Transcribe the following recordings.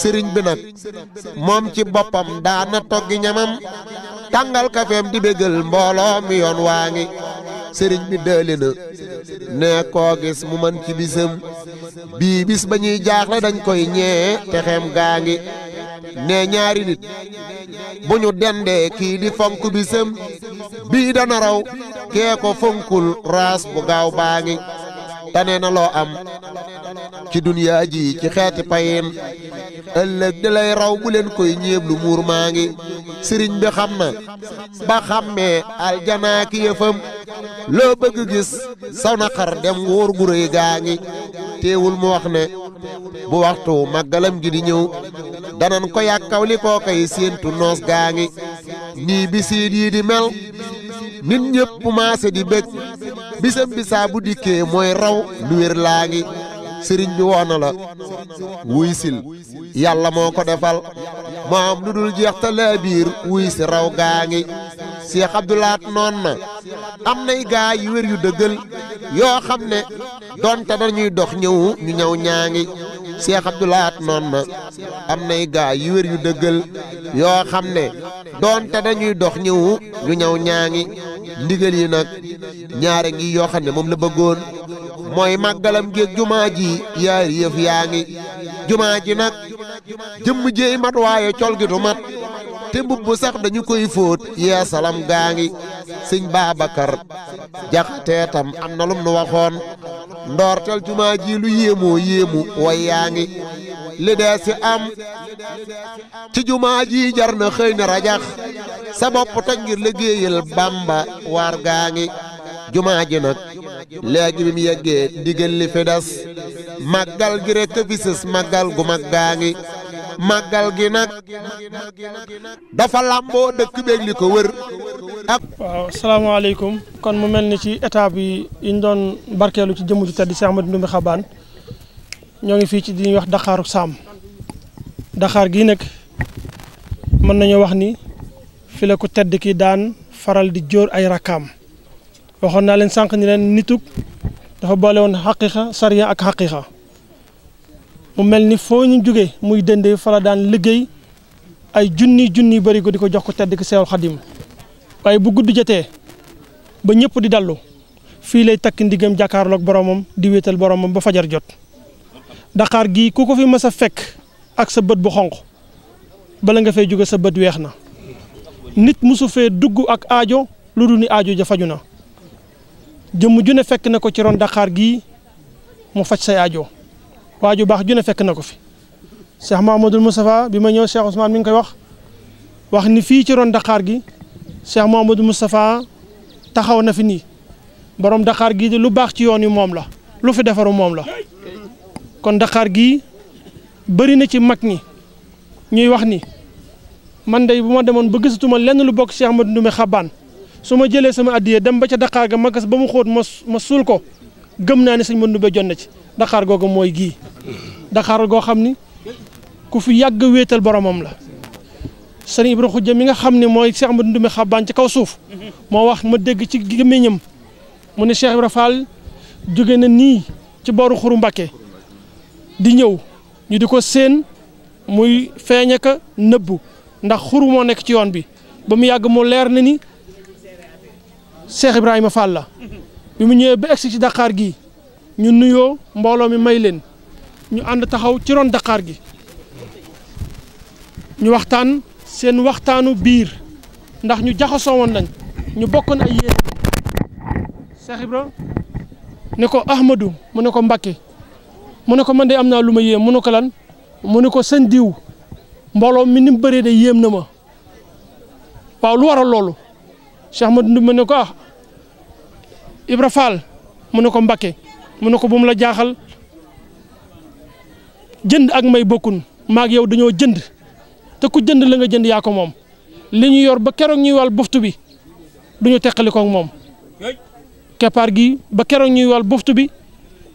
sëriñ bi nag moom ci boppam daana toggi ñamam tàngal kafeem di bégal mbooloo mi yoon waa ngi sëriñ bi dëli na nee koo gis mu man ci bisam bii bis ba ñuy jaaxle dañ koy ñee te gaa ngi nee ñaari nit bu ñu dendee kii di fonk bisam bii dana raw kee ko fonkul raas bu gaaw baa ngi tane na am ci dunyaa ji ci xeeti payin ëllëg di lay raw bu leen koy ñeeblu muur maa ngi sëriñ bi xam na ba xàmmee aljanaa ki yëfam loo bëgg gis sa naqar dem wóor gu rëy gaa ngi teewul mu wax ne bu waxtu màggalam gi di ñëw danan ko yàkkaw li kay séentu noos gaa ngi nii bisiit yii di mel nit ñëpp maase di bëgg bisam bisaa bu dikkee mooy raw lu wér laa ngi sëriñ bi woo na la wuy sil yàlla moo ko defal moo lu dul jeex ta laa wuy si raw gaa ngi Cheikh Abdoulaat noon na am nay gaa yu wér yu dëggal yoo xam ne donte dañuy dox ñëwu ñu ñëw ñaa ngi Cheikh Abdoulaat noon na am nay gaa yu wér yu dëggal yoo xam ne donte dañuy dox ñëwu ñu ñëw ñaa ngi ndigal yi nag ñaare ngi yoo xam ne moom la bëggoon mooy màggalam géeg jumaa ji yaari yëf yaa nag jëmm jéey mat waaye col gi du mat te mbubb sax dañu koy fóot yeesalam gaa ngi sëñ Babacar jaxatee tam am na lum nu waxoon ndoortel jumaa ji lu yéemoo yéemu way yaa ngi li am ci jumaa ji jar na xëy na rajax sa bopp toj ngir liggéeyal Bamba waar gaa ngi jumaa nag léegi bi mu yeggee ndigal li fi des màggal gi rekk fi sës màggal gu mag gaa ngi màggal gi nag dafa làmboo dëkk beeg li ko wër ak waaw asalaamaaleykum kon mu mel ni ci état bi yi ñu doon barkeelu ci jëmm ju tedd si Ahmadu Ndumbe Xabaan ñoo ngi fii ci di wax daqaaru Saam Daxaar gii nag mën nañoo wax ni fi la tedd ki daan faral di jóor ay rakkaam waxoon naa leen sànq ni leen nitug dafa boole woon xaqiqa sariya ak xaqiqa mu mel ni foo ñu jóge muy dëndee fala daan liggéey ay junni junni bëri ko di ko jox ko tedd ki seewal xadim waaye bu gudd jotee ba ñëpp di dallu fii lay takk ndigam jàkkaarloog boromam di wéetal boromam ba fajar jot Dakar gi ku ko fi mës a fekk ak sa bët bu xonq bala nga fay jóge sa bët weex na nit mosu fee dugg ak aajo lu dul ni aajo ja faju na jëmm ju ne fekk na ko ci ron daqaar gi mu faj say aajo waa ju baax ju ne fekk na ko fi Cheikh Mouhamadoul Moustapha bi ma ñëw Cheikh Ousmane mi ngi koy wax wax ni fii ci ron daqaar gi Cheikh Mouhamadoul Moustapha taxaw na fi nii borom Dakar gii de lu baax ci yoon wi moom la lu fi defaru moom la kon Dakar gii bëri na ci mag ñi ñuy wax ni man de bu ma demoon ba gisatuma lenn lu bokk Cheikh Ahmadou Ndoumé Xabane su ma jëlee sama addiyee dem ba ca daqaar ga magas ba mu xóot ma ma suul ko gëm naa ne sëñ Mandoumbe jot na ci daqaar googu mooy gii daqaar goo xam ni ku fi yàgg wéetal boromam la sëriñ Ibra Xujja mi nga xam ne mooy Cheikh Mandoumbe xabbaan ci kaw suuf moo wax ma dégg ci gémmiñam mu ne Cheikh Ibra Fall jóge na nii ci booru xur Mbàkke di ñëw ñu di ko séen muy feeñaka nëbbu ndax xur moo nekk ci yoon bi ba mu yàgg mu leer na ni Cheikh Ibrahima Fall la bi mu ñëwee ba egsi ci daqaar gi ñu nuyoo mbooloo mi may leen ñu ànd taxaw ci ron daqaar gi ñu waxtaan seen waxtaanu biir ndax ñu jaxasoo woon nañ ñu bokkoon ay yéen Cheikh Ibra ne ko Ahmadou mu ne ko Mbacké mu ne ko man de am naa lu ma yéem mu ne ko lan mu ni ko seen diw mbooloo mi ni mu bëree de yéem na ma waaw lu waral loolu ma Ahmadou Ndumbe ne ko ah Ibra Fall mu ne ko Mbakke mu ne ko bu la jaaxal jënd ak may bokkun maag yow dañoo jënd te ku jënd la nga jënd yaa ko moom li ñu yor ba keroog ñuy wal boftu bi duñu teqali ko moom keppaar gi ba keroog ñuy wal boftu bi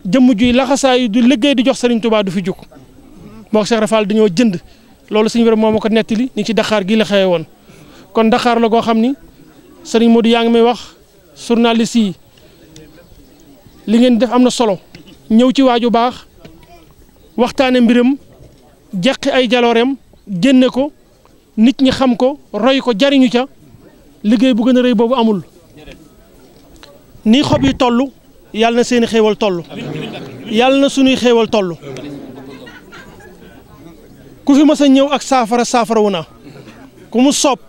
jëmm juy laxasaayu du liggéey di jox Serigne Touba du fi jug moo Cheikh Ibra dañoo jënd loolu suñu wér moom ma ko nettali ni ci daqaar gi la xëye woon kon Dakar la goo xam ni sëriñ Modou yaa ngi may wax journaliste yi li ngeen def am na solo ñëw ci waaju baax waxtaane mbiram jeqi ay jalooreem génne ko nit ñi xam ko roy ko jariñu ca liggéey bu gën a rëy boobu amul ni xob yi toll yàlla na seeni xéewal toll yàlla na suñuy xéewal toll ku fi mës a ñëw ak saafara saafara wu ku mu soob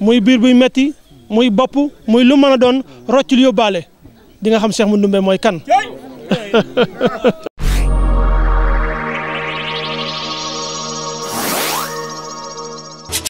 muy biir buy metti muy bopp muy lu mën a doon roccul yóbbaale di nga xam Cheikh Madoumbe mooy kan